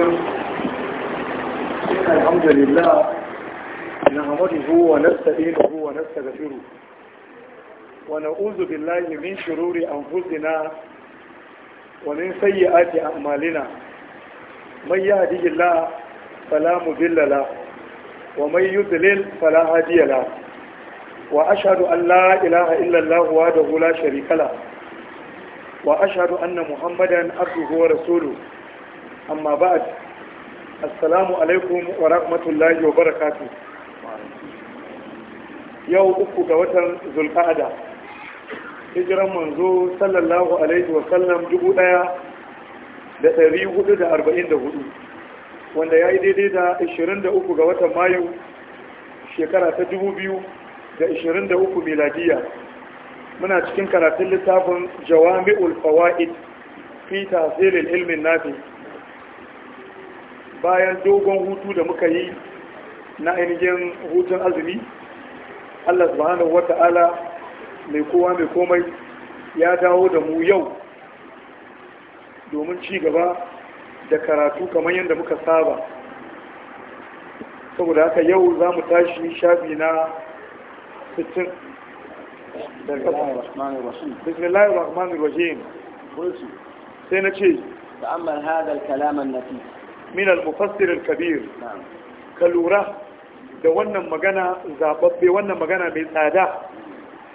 الرحيم إن الحمد لله نعمده ونستئله ونستغفره ونعوذ بالله من شرور أنفسنا ومن سيئات أعمالنا من يهده الله فلا مضل له ومن يضلل فلا هادي له وأشهد أن لا إله إلا الله وحده لا شريك له وأشهد أن محمدا عبده ورسوله amma ba assalamu alaikum wa rahmatullahi wa barakatu yau uku ga watan zulka'ada hijiran manzo sallallahu alaihi wa sallam dubu daya da ɗari hudu da arba'in da hudu wanda ya yi daidai da ashirin da uku ga watan mayu shekara ta dubu biyu da ashirin da uku miladiya muna cikin karatun littafin jawami ulfawa'id fi tasirin ilmin nafi bayan dogon hutu da muka yi na ainihin hutun azumi Allah subhanahu wata'ala mai kowa mai komai ya dawo da mu yau domin ci gaba da karatu kamar yadda muka saba saboda haka yau za mu tashi shafi na 60 bismillahir rahmanir rahim sai na ce ta'ammal hadal kalaman nafis min al-mufassir al-kabir ka lura da wannan magana zababbe wannan magana mai tsada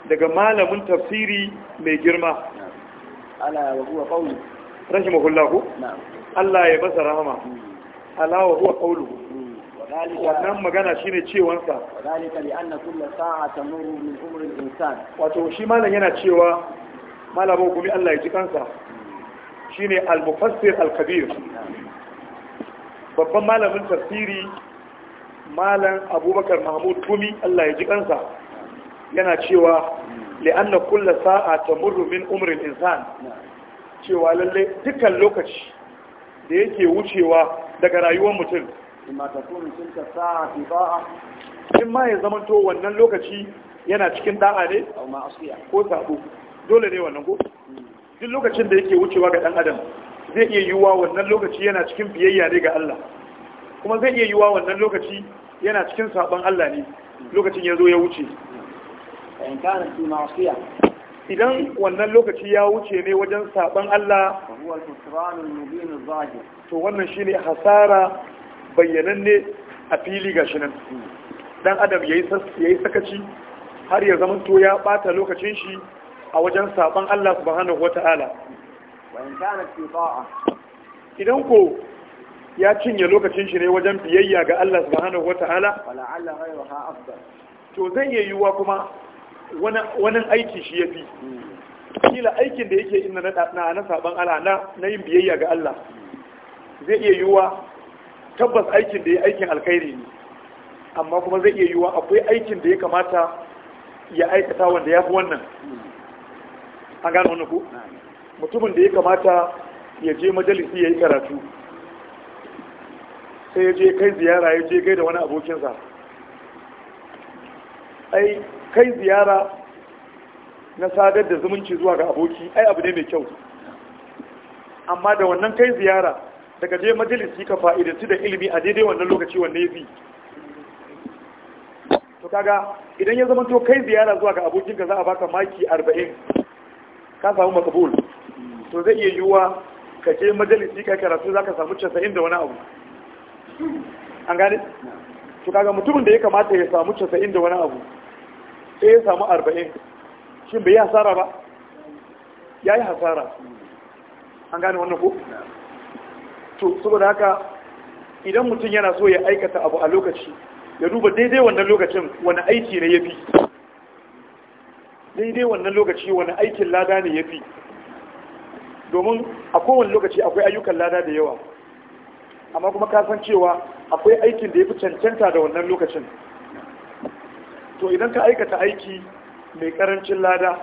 daga malamin tafsiri mai girma ala wa Allah ya masa rahama hmm. ala wa huwa qawlu hmm. wannan magana shine cewansa dalika li anna kullu sa'a tamurru min umri al-insan wato shi malam yana cewa malamin gumi Allah ya ji kansa hmm. shine al-mufassir al-kabir babban malamin tafsiri malam abubakar mahmud tumi allah ya ji kansa yana cewa li'anna kulla sa'a ta min umrin insan cewa lalle dukkan lokaci da yake wucewa daga rayuwar mutum in ma ya to wannan lokaci yana cikin da'a ne ko sabo dole ne wannan ko duk lokacin da yake wucewa ga dan adam zai iya yiwuwa wannan lokaci yana cikin biyayya ne ga Allah kuma zai iya yiwuwa wannan lokaci yana cikin sabon Allah ne lokacin ya zo ya wuce idan wannan lokaci ya wuce ne wajen sabon Allah to wannan shi ne hasara bayyananne a fili shi nan dan adam ya yi sakaci har ya zama to ya bata lokacin shi a wajen sabon Allah subhanahu ta'ala idan ko ya cinye lokacin shi ne wajen biyayya ga Allah subhanahu wata'ala to zai iya yiwuwa kuma wani aiki shi ya fi kila aikin da yake ina na na saban Allah na yin biyayya ga Allah zai iya yiwuwa tabbas aikin da ya aikin alkhairi ne amma kuma zai iya yiwuwa akwai aikin da ya kamata ya aikata wanda ya fi wannan an gano wannan ku. mutumin da ya kamata ya je majalisi ya yi karatu sai ya je kai ziyara ya je da wani abokinsa ai kai ziyara na sadar da zumunci zuwa ga aboki ai abu ne mai kyau amma da wannan kai ziyara daga je majalisi ka fa'idanci da ilimi a daidai wannan lokaci wanne ya fi to kaga idan ya zama to kai ziyara zuwa ga abokinka za a baka maki arba'in ka samu makabul to zai iya yiwuwa ka je majalisi ka karatu za ka samu casa'in da wani abu an gane to kaga mutumin da ya kamata ya samu casa'in da wani abu sai ya samu arba'in shin bai yi hasara ba ya yi hasara an gane wannan ko to saboda haka idan mutum yana so ya aikata abu a lokaci ya duba daidai wannan lokacin wani aiki ne ya fi daidai wannan lokaci wani aikin lada ne ya fi domin a kowane lokaci akwai ayyukan lada da yawa amma kuma kasan cewa akwai aikin da ya fi cancanta da wannan lokacin to idan ka aikata aiki mai karancin lada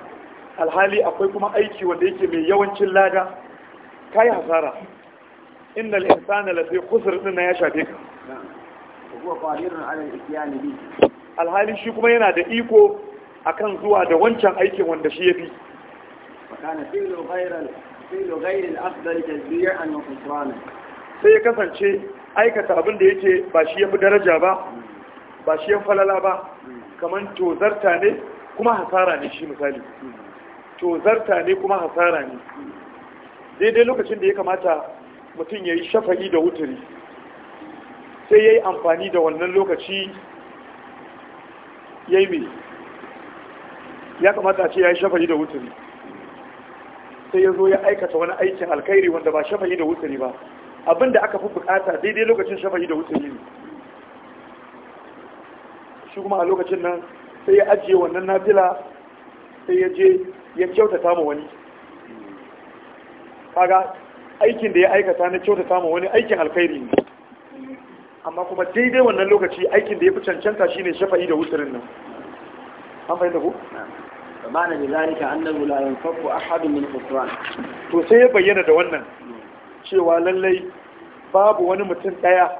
alhali akwai kuma aiki wanda yake mai yawancin lada ka yi hasara inna al'insana lafi kusur din na ya shafe ka alhali shi kuma yana da iko akan zuwa da wancan aikin wanda shi ya fi غير الأفضل وخسرانا sai ya kasance aikata abin da yake ba shi ya fi daraja ba ba shi ya falala ba kamar tozarta ne kuma hasara ne shi misali tozarta ne kuma hasara ne daidai lokacin da ya kamata mutum ya yi shafa'i da wuturi sai ya yi amfani da wannan lokaci ya yi mai ya kamata ce ya yi shafa'i da wuturi sai ya zo ya aikata wani aikin alkairi wanda ba shafa'i da wuturi ba abinda aka fi bukata daidai lokacin shafa'i da wuturi ne shi kuma a lokacin nan sai ya ajiye wannan nafila sai ya je ya kyautata ma wani kaga aikin da ya aikata na kyautata ma wani aikin alkairi ne amma kuma daidai wannan lokaci aikin da ya fi cancanta shine shafa'i da wuturin nan an fahimta ko? ma'ana da zalika annahu la a haɗin min khusran to sai ya bayyana da wannan cewa lallai babu wani mutum ɗaya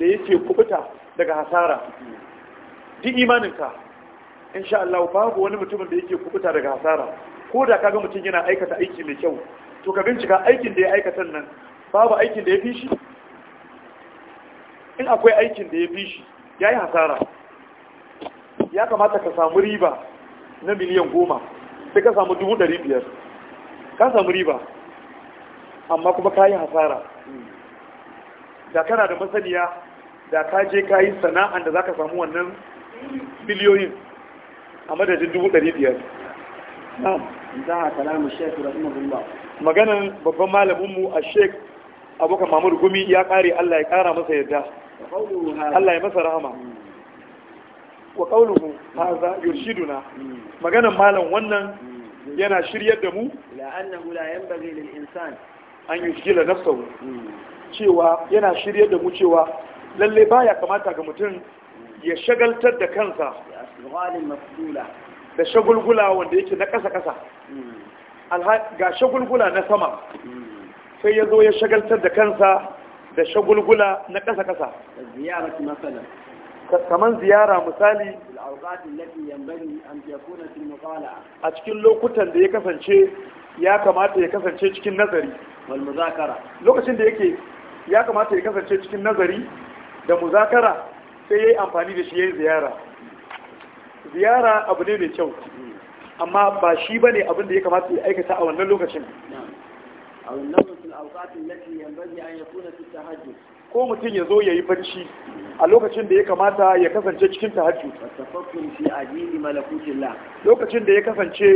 da yake kubuta daga hasara duk imaninka insha Allah babu wani mutumin da yake kubuta daga hasara ko da kaga mutum yana aikata aiki mai kyau to ka bincika aikin da ya aikata nan babu aikin da ya fi shi in akwai aikin da ya fi shi ya yi hasara ya kamata ka samu riba na miliyan goma sai ka samu dubu ɗari biyar ka samu riba amma kuma ka yi hasara da kana da masaniya da ka je ka yi sana'an da za ka samu wannan biliyoyin a madadin dubu ɗari biyar maganan babban malaminmu a sheik abokan mamur gumi ya ƙare allah ya kara masa yadda allah ya masa rahama hmm. wa qawluhu hadha yurshiduna maganan malam wannan yana shiryar da mu la'annahu la yanbaghi lil insan an yushgila nafsahu hmm. cewa yana shiryar da mu cewa lalle baya kamata ga mutum ya shagaltar da kansa da shagulgula wanda yake na ƙasa-ƙasa hmm. ga shagulgula na sama hmm. sai ya zo ya shagaltar da kansa da shagulgula na ƙasa-ƙasa kaman ziyara misali a cikin lokutan da ya kasance ya kamata ya kasance cikin nazari lokacin da yake ya kamata ya kasance cikin nazari da muzakara sai ya yi amfani da shi ya yi ziyara ziyara abu ne mai kyau amma ba shi ba ne abin da ya kamata ya aikata a wannan lokacin a wannan lokacin a wakatun yake yambar ya yi kuna fita hajji ko mutum ya zo ya yi barci a lokacin da ya kamata ya kasance cikin tahajjud lokacin da ya kasance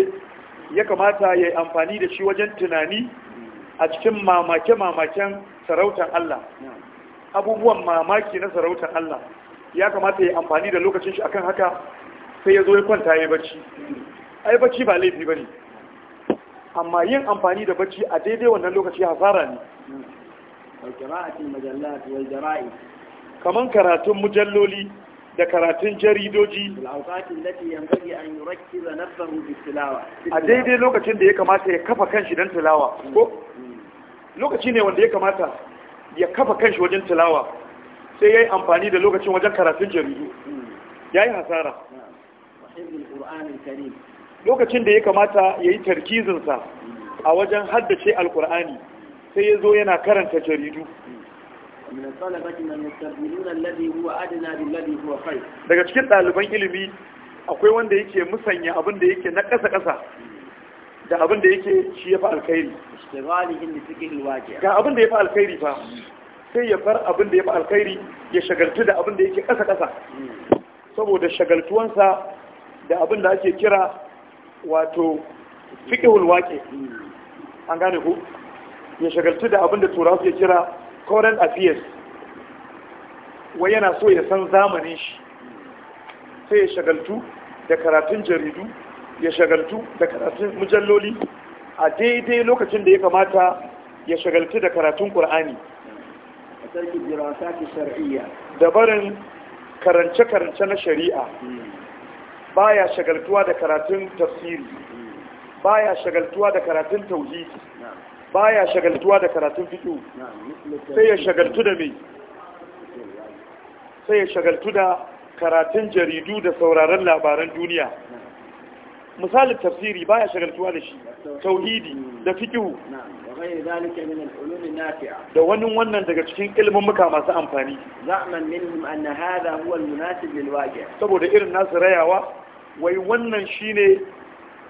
ya kamata ya yi amfani da shi wajen tunani a cikin mamake-mamaken sarautar Allah abubuwan mamaki na sarautar Allah ya kamata ya amfani da lokacin shi akan haka sai ya zo ya kwanta ya bacci ai bacci ba laifi ba ne. amma yin amfani da barci a daidai wannan lokaci hasara ne kaman karatun mujalloli da karatun jaridoji a daidai lokacin da ya kamata ya kafa kanshi don tilawa ko lokaci ne wanda ya kamata ya kafa kanshi wajen tilawa sai ya yi amfani da lokacin wajen karatun jaridu ya yi hasara lokacin da ya kamata ya yi tarkizinsa a wajen haddace alkur'ani sai ya zo yana karanta jaridu daga cikin ɗaliban ilimi akwai wanda yake musanya abin da yake na ƙasa-ƙasa da abin da yake shi ya fi alkhairi ga abin da ya fi alkhairi fa sai ya far abin da ya fi alkhairi ya shagaltu da abin da yake ƙasa-ƙasa saboda shagaltuwansa da abin da ake kira wato fiƙihul waƙe an gane ku ya shagaltu da abin da turawa suke kira current affairs wai yana so ya san zamanin shi sai ya shagaltu da karatun jaridu ya shagaltu da karatun mujalloli a daidai lokacin da ya kamata ya shagaltu da karatun ƙur'ani da barin karance-karance na shari'a baya shagaltuwa da karatun tafsiri baya shagaltuwa da karatun tauhidi baya shagaltuwa da karatun fiqh sai ya shagaltu da me sai ya shagaltu da karatun jaridu da sauraron labaran duniya misalin tafsiri baya shagaltuwa da shi tauhidi da fiqh da wani wannan daga cikin ilimin muka masu amfani za'man minhum anna hadha huwa almunasib lilwaqi' saboda irin nasu rayawa wai wannan shine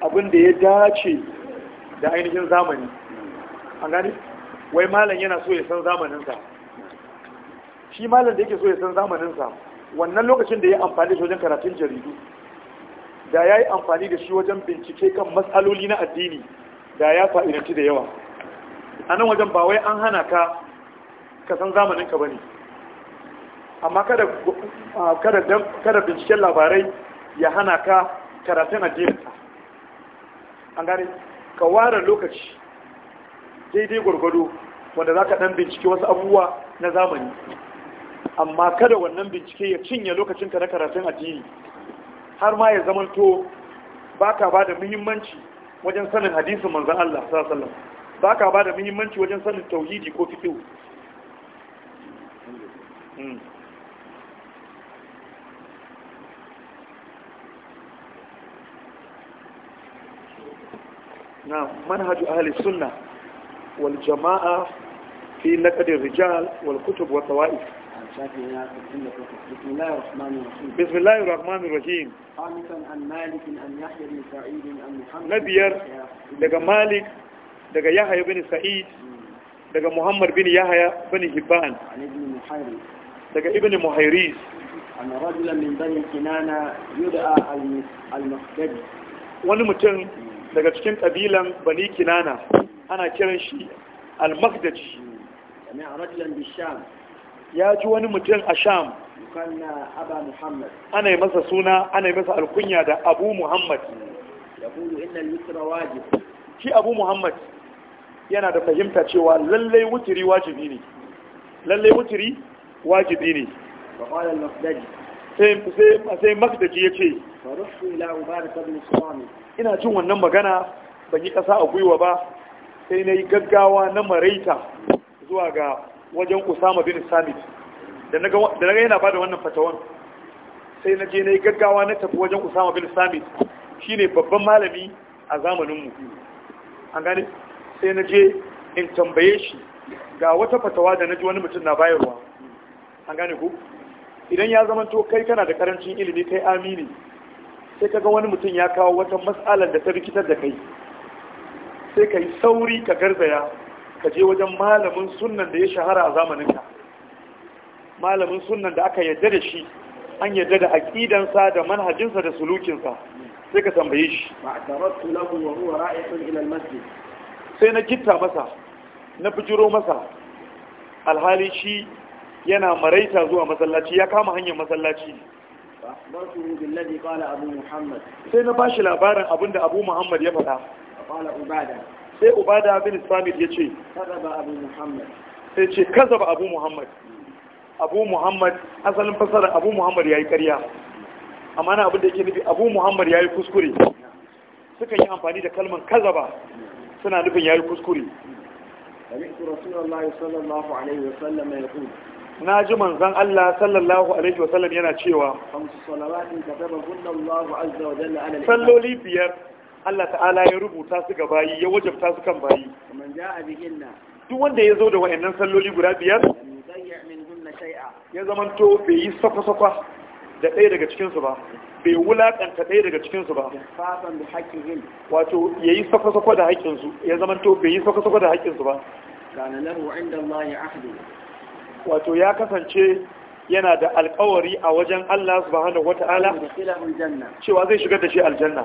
abin da ya dace da ainihin zamani an gani wai malam yana so ya san zamaninsa shi malam da yake so ya san zamaninsa wannan lokacin da ya amfani da wajen karatun jaridu da ya yi amfani da shi wajen bincike kan matsaloli na addini da ya fa'idanci da yawa a nan wajen ba wai an hana ka ka san zamaninka ba ne amma kada binciken labarai ya hana ka karatun addininka an gane ka ware lokaci daidai gwargwado wanda za ka ɗan bincike wasu abubuwa na zamani amma kada wannan bincike ya cinye lokacin ka na karatun addini har ma ya zamanto to ka ba da muhimmanci wajen sanin hadisin manzan Allah sallallahu ba ka ba da muhimmanci wajen sanin tauhidi ko fiqh hmm. na manhaju ahli sunnah والجماعة في نقد الرجال والكتب والطوائف بسم الله الرحمن الرحيم بسم الله خامسا عن مالك عن يحيى بن سعيد عن محمد نبير مالك يحيى بن سعيد محمد بن يحيى بن هبان عن ابن محيريز دقا ابن محيريز رجلا من بني كنانة يدعى المخدد ونمتن daga cikin kabilan bani kinana ana kiran shi al-makdaji ya ji wani mutum a sham ana yi masa suna ana yi masa alkunya da abu muhammad shi abu muhammad yana da fahimta cewa lallai wutiri wajibi ne lallai wutiri wajibi ne sai makdaji ya ce ina jin wannan magana ban yi ƙasa a gwiwa ba sai na yi gaggawa na maraita zuwa ga wajen usama bin samit da na ga yana ba da wannan fatawan sai na je na yi gaggawa na tafi wajen usama bin samit shi ne babban malami a zamaninmu an gani sai na je in tambaye shi ga wata fatawa da na ji wani mutum na bayarwa an gane ku idan ya zama to kai kana da karancin ilimi kai amini sai kaga wani mutum ya kawo wata matsalar da ta rikitar da kai sai ka yi sauri ka garzaya ka je wajen malamin sunan da ya shahara a zamaninka malamin sunan da aka yadda da shi an yadda da aƙidansa da manhajinsa da sulukinsa sai ka tambaye shi sai na gitta masa na bijiro masa alhali shi yana maraita zuwa masallaci ya kama hanyar masallaci sai na bashi labarin abinda abu muhammad ya faɗa sai ubada bin samir ya ce sai ce kaza ba abu muhammad abu muhammad asalin fasarar abu muhammad ya yi karya amma na abinda da yake nufi abu muhammad ya yi kuskure suka yi amfani da kalman kaza ba suna nufin ya yi kuskure. na ji manzan Allah sallallahu alaihi wasallam yana cewa salloli biyar Allah ta'ala ya rubuta su ga bayi ya wajabta su kan bayi duk wanda ya zo da wa'annan salloli guda biyar ya zamanto bai yi sakwa-sakwa da ɗaya daga cikinsu ba bai wulaƙanta ɗaya daga cikinsu ba wato ya yi sakwa-sakwa da haƙƙinsu ya zamanto bai yi sakwa-sakwa da haƙƙinsu ba wato ya kasance yana da alkawari a wajen Allah subhanahu wata'ala cewa zai shigar da shi aljanna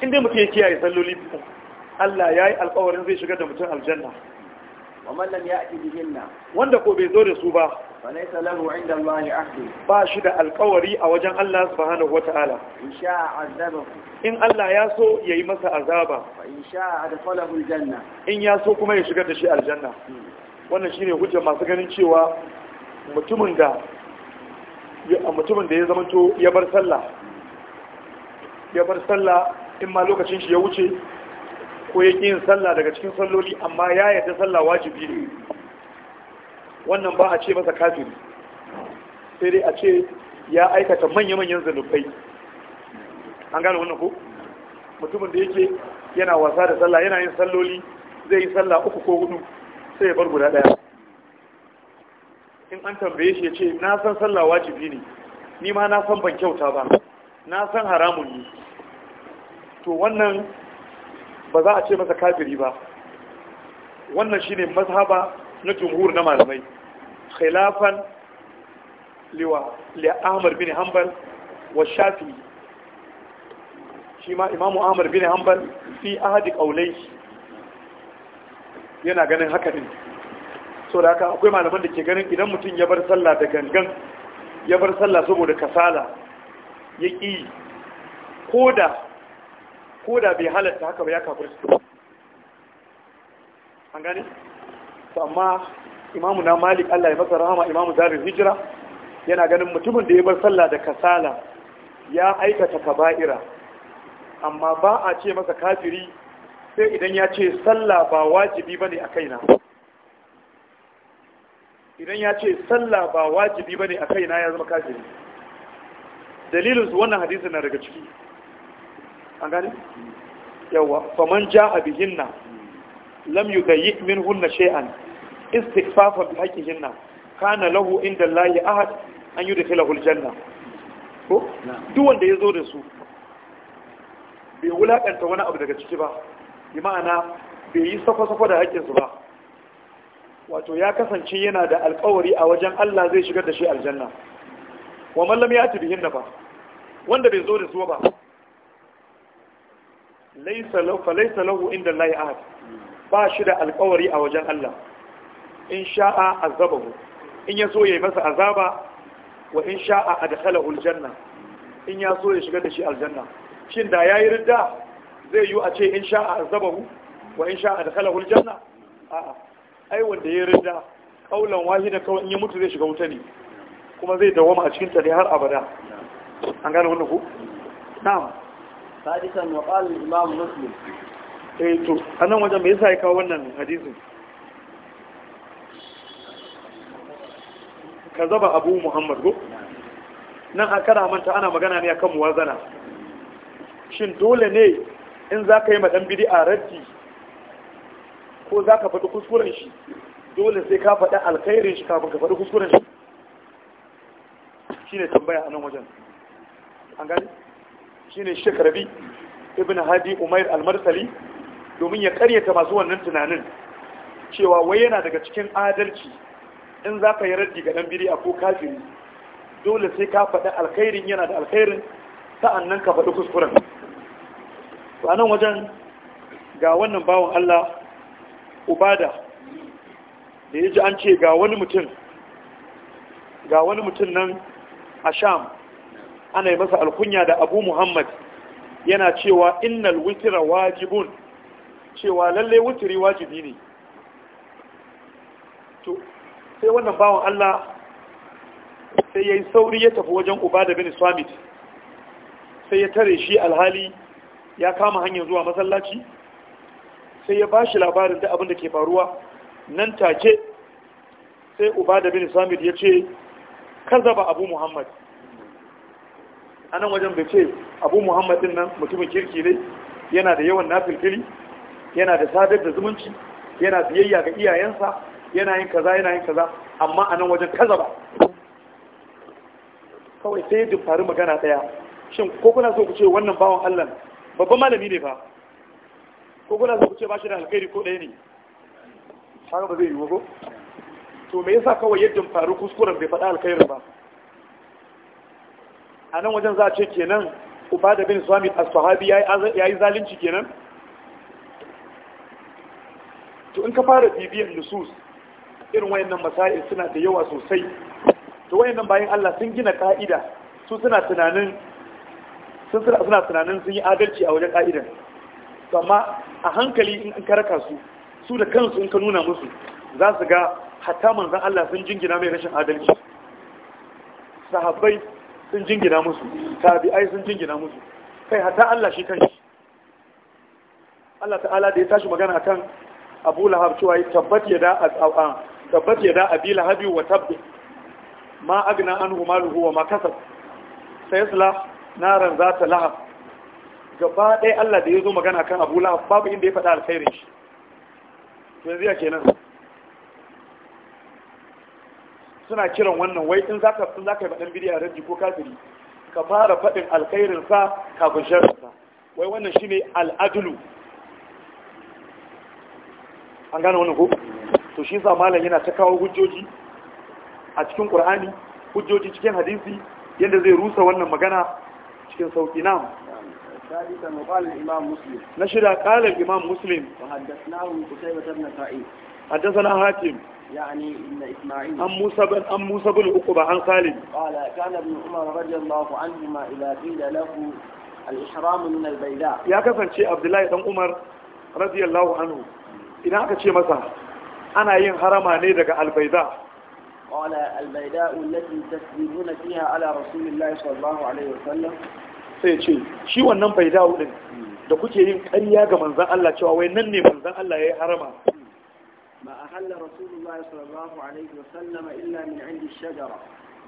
inda mutum ya kiyaye salloli Allah ya yi alkawarin zai shigar da mutum aljanna wanda ko bai zo da su ba falaisa lahu inda Allah ahdi ba shi da alkawari a wajen Allah subhanahu wata'ala in in Allah ya so ya yi masa azaba in sha'a adkhalahu aljanna in ya so kuma ya shigar da shi aljanna wannan shi ne hujjar masu ganin cewa mutumin da ya zamanto ya bar sallah ya bar sallah in ma lokacin shi ya wuce ko ya yin sallah daga cikin salloli amma ya yadda sallah wajibi ne wannan ba a ce masa kafiri sai dai a ce ya aikata manya-manyan zanubai an gane wannan ko mutumin da yake yana wasa da sallah yana yin salloli zai yi sallah uku ko hudu sai ya bar guda daya in an tambaye shi ya ce na san sallah wajibi ne ni ma na san ban kyauta ba na san haramun ne to wannan ba za a ce masa kafiri ba wannan shine mazhaba na jumhur na malamai khilafan liwa li Ahmad bin Hanbal wa Shafi'i shi ma Imamu Ahmad bin Hanbal fi ahadi qawlai yana ganin haka din so da haka akwai malaman da ke ganin idan mutum ya bar sallah da gangan ya bar sallah saboda kasala ya ƙi ko da bai halatta haka ba ya su an gani? amma imamu na malik allah ya masa rahama imamu zarin hijira yana ganin mutumin da ya bar sallah da kasala ya aikata kaba'ira amma ba a ce masa kafiri sai idan ya ce sallah ba wajibi ba ne a kaina idan ya ce sallah ba wajibi bane a kai na ya zama kafiri dalilin su wannan hadisi na daga ciki an gani yawa faman ja'a bihinna lam yudayyi minhunna shay'an istighfafa bi haqqihinna kana lahu inda Allah ahad an yudkhilahu aljanna ko duk wanda yazo da su bai wulakanta wani abu daga ciki ba bi ma'ana bai yi safa-safa da haƙƙinsu ba wato ya kasance yana da alkawari a wajen Allah zai shigar da shi aljanna wa mallam ya tibihin ba wanda bai zo da su ba laysa lahu fa laysa lahu inda Allah ahad ba shi da alkawari a wajen Allah in sha'a azabahu in ya so yayi masa azaba wa in sha'a adkhalahu aljanna in ya so ya shigar da shi aljanna shin da yayi ridda zai yi a ce in sha'a azabahu wa in sha'a adkhalahu aljanna a'a ai wanda ya rida kaulan wahida kawai in ya mutu zai shiga wuta ne kuma zai dawama a cikin ta ne har abada an gane wannan ku na'am sadisan wa qala al-imam muslim eh to anan wajen me yasa ya kawo wannan hadisin kazaba abu muhammad ko nan a manta ana magana ne akan muwazana shin dole ne in za ka yi madan bid'a a raddi ko za ka faɗi kuskuren shi dole sai ka faɗi alkhairin shi kafin ka faɗi kuskuren shi ne tambaya a nan wajen an gani ne shekarabi ibn hadi umair al-marsali domin ya karyata masu wannan tunanin cewa wai yana daga cikin adalci in za ka yi raddi ga ɗan biri a ko kafin dole sai ka faɗi alkhairin yana da alkhairin sa'annan ka faɗi kuskuren a nan wajen ga wannan bawan Allah ubada da ya ji an ce ga wani mutum ga wani mutum nan a sham ana yi masa alkunya da abu muhammad yana cewa innal witira wajibun cewa lalle wutiri wajibi ne to sai wannan bawan Allah sai ya yi sauri ya tafi wajen ubada bin swamit sai ya tare shi alhali ya kama hanyar zuwa masallaci sai ya bashi labarin da abin da ke faruwa nan take sai ubada bin samir ya ce kazaba abu muhammad a nan wajen bai ce abu muhammad din nan mutumin kirki ne yana da yawan nafilfili yana da sadar da zumunci yana biyayya ga iyayensa yana yin kaza yana yin kaza amma a wajen kaza ba kawai sai ya faru magana ɗaya. shin ko kuna so ku ce wannan bawan allah babban malami ne ba. ko kuna za ku ce ba shi da alkhairi ko ɗaya ne haka ba zai yi ko to me yasa kawai yadda faru kuskuren bai faɗa alkhairin ba a nan wajen za a ce kenan uba da bin swami a sahabi yi zalunci kenan to in ka fara bibiyan nusus irin wayannan masail suna da yawa sosai to wayannan bayan Allah sun gina ka'ida su suna tunanin sun suna tunanin sun yi adalci a wajen ka'idan to amma a hankali in an raka su su da kansu in ka nuna musu za su ga hatta manzan Allah sun jingina mai rashin adalci sahabbai sun jingina musu tabi'ai sun jingina musu kai hatta Allah shi kanshi Allah ta'ala da ya tashi magana akan Abu Lahab cewa tabbat yada a tabbat yada Abi Lahab wa tabbi ma agna anhu maluhu wa ma kasab sayasla naran zata lahab gaba ɗaya Allah da ya zo magana kan Abu la'af babu inda ya faɗa alkhairin shi yanzu ya kenan suna kiran wannan wai in za ka fi za ka yi faɗin bidiyar rajji ko kafiri ka fara faɗin alkhairin sa kafin sharrin sa wai wannan shine al'adulu an gane wannan ko to shi yasa malam yana ta kawo hujjoji a cikin ƙur'ani, hujjoji cikin hadisi yadda zai rusa wannan magana cikin sauƙi namu سادسا وقال الإمام مسلم نشر قال الإمام مسلم وحدثناه من قتيبة بن سعيد حدثنا هاتم يعني ابن إسماعيل أم موسى بن أم موسى بن عقبة عن خالد قال كان ابن عمر رضي الله عنهما إذا قيل له الإحرام من البيداء يا كفن شيء عبد الله بن عمر رضي الله عنه إذا أكتشي مسا أنا ين حرما نيدك البيداء قال البيداء التي تسجدون فيها على رسول الله صلى الله عليه وسلم sai ce shi wannan bai dawo din da kuke yin ƙarya ga manzan Allah cewa wai nan ne manzan Allah ya yi harama ba a halla rasulullahi sallallahu alaihi wa sallama illa min indi shajara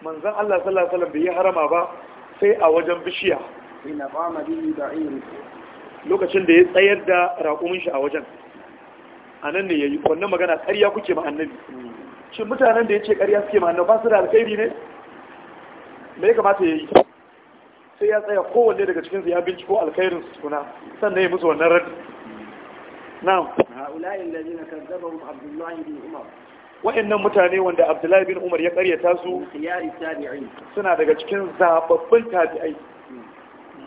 manzan Allah sallallahu alaihi wa sallam bai yi harama ba sai a wajen bishiya ina qama bihi da'ir lokacin da ya tsayar da raƙumin shi a wajen anan ne yayi wannan magana ƙarya kuke ma annabi shin mutanen da yace ƙarya suke ma annabi ba su da alkhairi ne me ya kamata yayi sai ya tsaya kowanne daga cikinsu ya binciko alkhairin su tukuna sannan ya musu wannan radi na'am ha'ulayin ladina kazzabahu abdullahi bin umar wa'annan mutane wanda abdullahi bin umar ya karyata su suna daga cikin zababbin tabi'ai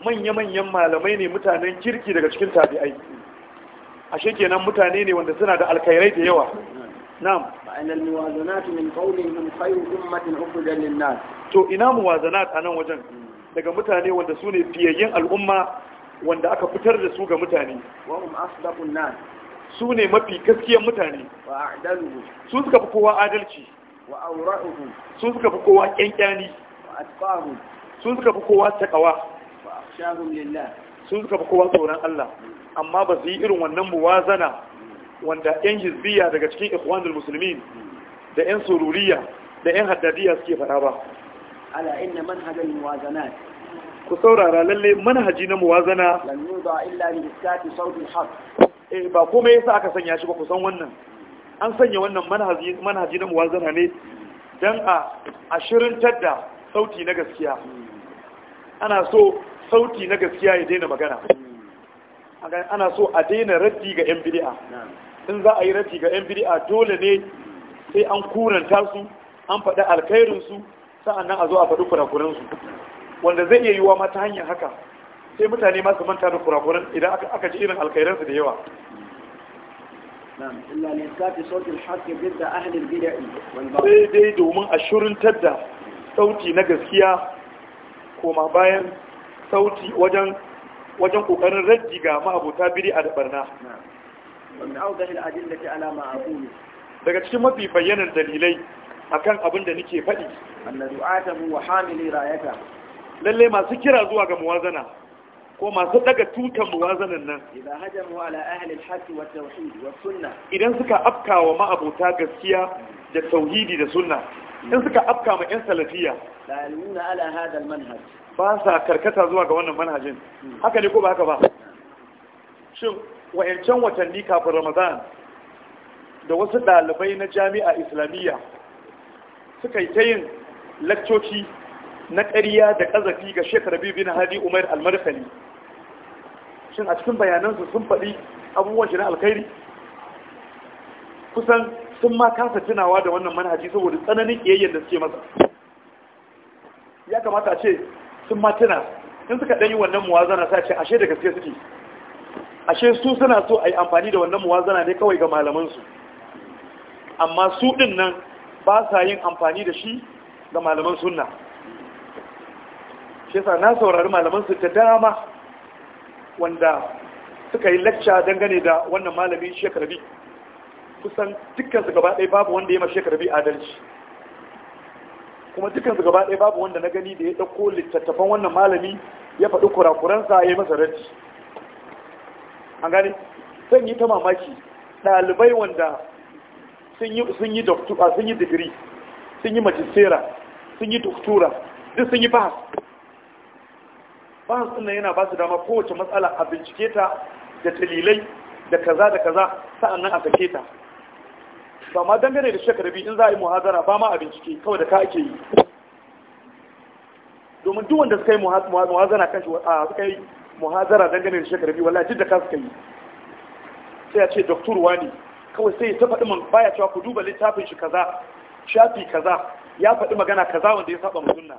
manya-manyan malamai ne mutanen kirki daga cikin tabi'ai ashe kenan mutane ne wanda suna da alkhairai da yawa na'am annal muwazanat min qawlihim khayru ummatin ukhrijat lin-nas to ina muwazanat anan wajen daga mutane wanda su ne fiyayyen al'umma wanda aka fitar da su ga mutane su ne mafi gaskiyar mutane su suka fi kowa adalci su suka fi kowa kyankyani su suka fi kowa takawa su suka fi kowa tsoron Allah amma ba su yi irin wannan muwazana wanda 'yan hizbiya daga cikin ikwanul musulmin da 'yan sururiya da 'yan haddadiya suke fara ba ala inna manhaj al-muwazanat ku saurara lalle manhaji na muwazana lan yuda illa bi iskati sawt al-haq eh ba komai yasa aka sanya shi ba ku san wannan an sanya wannan manhaji manhaji na muwazana ne dan a ashirin tadda sauti na gaskiya ana so sauti na gaskiya ya daina magana ana so a daina raddi ga yan bid'a in za a yi raddi ga yan bid'a dole ne sai an kuranta su an faɗi alkhairinsu sa'annan a zo a faɗi kurakuransu wanda zai iya yiwuwa ma ta hanyar haka sai mutane masu manta da kurakuran idan aka ji irin alkhairansu da yawa sai dai domin a shurintar da sauti na gaskiya koma bayan sauti wajen wajen kokarin raddi ga ma'abota biri a da barna daga cikin mafi bayyanar dalilai akan abin da nake faɗi annadu adamu wa hamili rayata lalle masu kira zuwa ga muwazana ko masu daga tutan muwazanan nan idan hajamu ala ahli al-haqq wa tauhid wa sunna idan suka afkawa ma'abota gaskiya da tauhidi da sunna in suka afka ma yan salafiya la yalmuna ala hada al-manhaj ba sa karkata zuwa ga wannan manhajin hmm. haka ne ko ba haka ba shin wayancan watanni kafin ramadan da wasu dalibai na jami'a islamiyya suka yi ta yin lakcoci na ƙariya da ƙazafi ga shekara biyu na hadi umar almarkali shin a cikin bayanansu sun faɗi abubuwan shi na alkhairi kusan sun ma kasa tunawa da wannan manhaji saboda tsananin ƙiyayyar da suke masa ya kamata a ce sun ma tuna in suka ɗanyi wannan muwazana sa ce ashe da gaske suke ashe su suna so a yi amfani da wannan muwazana ne kawai ga malamansu amma su ɗin nan ba sa yin amfani da shi ga malaman sunna shi na saurari malaman su da dama wanda suka yi lacca dangane da wannan malami shekarbi kusan dukkansu gaba ɗaya babu wanda ya ma shekarbi adalci kuma dukkansu gaba ɗaya babu wanda na gani da ya ɗauko littattafan wannan malami ya faɗi kurakuransa ya yi masa raji an gane zan yi ta mamaki ɗalibai wanda sun yi doktura sun yi digiri ah, sun yi majistera sun yi doktura duk sun yi bahas bahas suna yana ba su dama kowace matsala a bincike ta da talilai da kaza da kaza sa'annan a sake ta ba ma dangane da shekarabi in za a yi muhazara ba ma a bincike kawai da ka ake yi domin duk wanda suka yi muhazara kan shi a ah, suka yi muhazara dangane da shekarabi wala jidda ka suka yi sai a ce doktor wani kawai sai ta faɗi man baya cewa ku duba littafin shi kaza shafi kaza ya faɗi magana kaza wanda ya saba musunna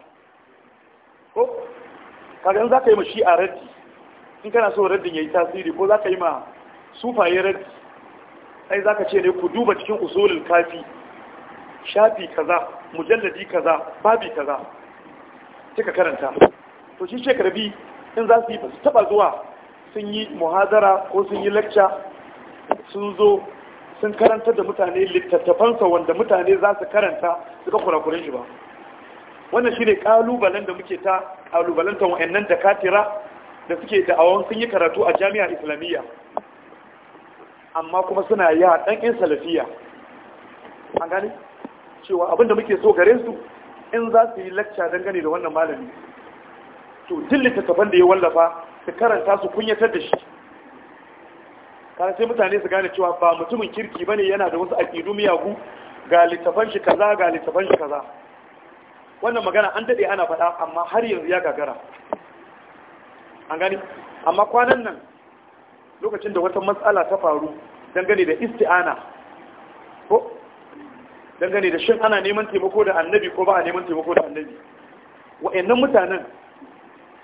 ko kaga za ka yi ma shi a raddi in kana so raddin yi tasiri ko za ka yi ma sufaye raddi sai za ka ce ne ku duba cikin usulul kafi shafi kaza mujalladi kaza babi kaza kika karanta to shi shekarbi in za su yi ba su taba zuwa sun yi muhazara ko sun yi lacca sun zo sun karanta da mutane littattafansa wanda mutane za su karanta suka kurakurin shi ba wannan shi ne ƙalubalen da muke ta ƙalubalantar wa'annan da katira da suke da'awon sun yi karatu a jami'a islamiyya amma kuma suna ya ɗan ƙin salafiya an gani cewa abinda muke so gare su in za su yi lacca dangane da wannan malami to duk littattafan da ya wallafa su karanta su kunyatar da shi kan sai mutane su gane cewa ba mutumin kirki bane yana da wasu aqidu miyagu ga litafan shi kaza ga litafan shi kaza wannan magana an dade ana faɗa amma har yanzu ya gagara an gani amma kwanan nan lokacin da wata matsala ta faru dangane da isti'ana ko dangane da shin ana neman taimako da annabi ko ba a neman taimako da annabi wa'annan mutanen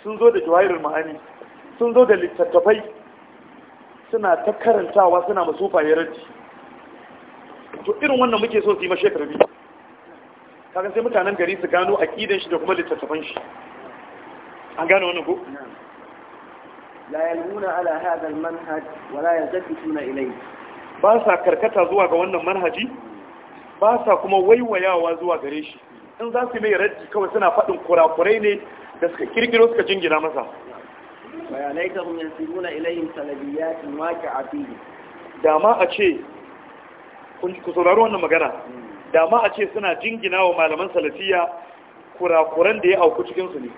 sun zo da jawahirul ma'ani sun zo da littattafai suna ta karantawa suna masu fayaranci to irin wannan muke so su yi mashe karbi kaga sai mutanen gari su gano a kidan shi da kuma littattafan shi an gano wannan ko la yalmuna ala hada al manhaj wa la yazakituna ilayhi ba sa karkata zuwa ga wannan manhaji ba sa kuma waiwayawa zuwa gare shi in za su mai raddi kawai suna faɗin kurakurai ne da suka kirkiro suka jingina masa wa laitahum yansibuna ilayhim salabiyatin waqi'a fihi da ma a ce ku saurari wannan magana da ma a ce suna jingina wa malaman salafiya kurakuran da ya auku cikinsu ne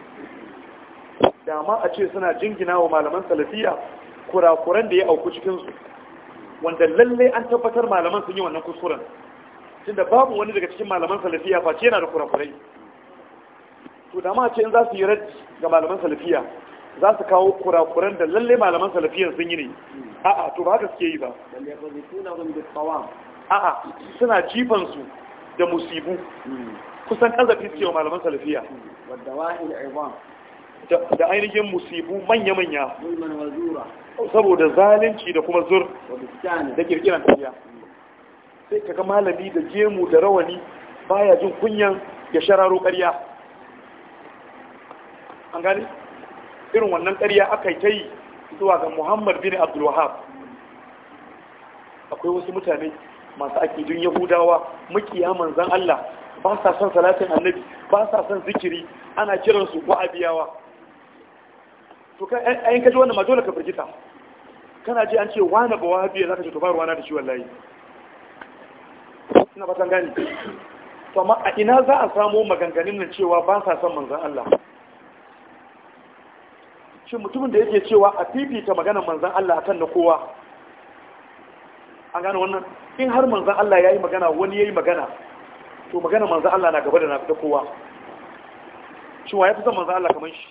da ma a ce suna jingina wa malaman salafiya kurakuran da ya auku cikinsu wanda lalle an tabbatar malaman sun yi wannan kuskuren tunda babu wani daga cikin malaman salafiya face yana da kurakurai to da ma a ce in za su yi raddi ga malaman salafiya za su kawo kurakuran da lalle malaman salafiyar sun yi ne a'a to ba haka suke yi ba a'a suna jifan su da musibu kusan kazafi yi wa malaman salafiya hmm. da ainihin musibu manya-manya saboda zalunci da kuma zur da kirkiran tafiya hmm. sai kaga malami da gemu da rawani baya jin kunyan ya shararo ƙarya an gani irin wannan ƙarya aka yi ta yi zuwa ga muhammad bin abdulwahab akwai wasu mutane masu akidun yahudawa makiya manzan allah ba sa son salatin annabi ba sa son zikiri ana kiransu wa'abiyawa to kan ayin kaji wannan ma dole ka firgita kana ji an ce wani ba za zaka ce to ba ruwana da shi wallahi ina ba gani to amma a ina za a samo maganganun nan cewa ba sa son manzan Allah shi mutumin da yake cewa a fifita maganar manzan Allah a kan na kowa an gane wannan in har manzan Allah ya yi magana wani ya yi magana to magana manzan Allah na gaba da na fita kowa wa ya fi son manzan Allah kamar shi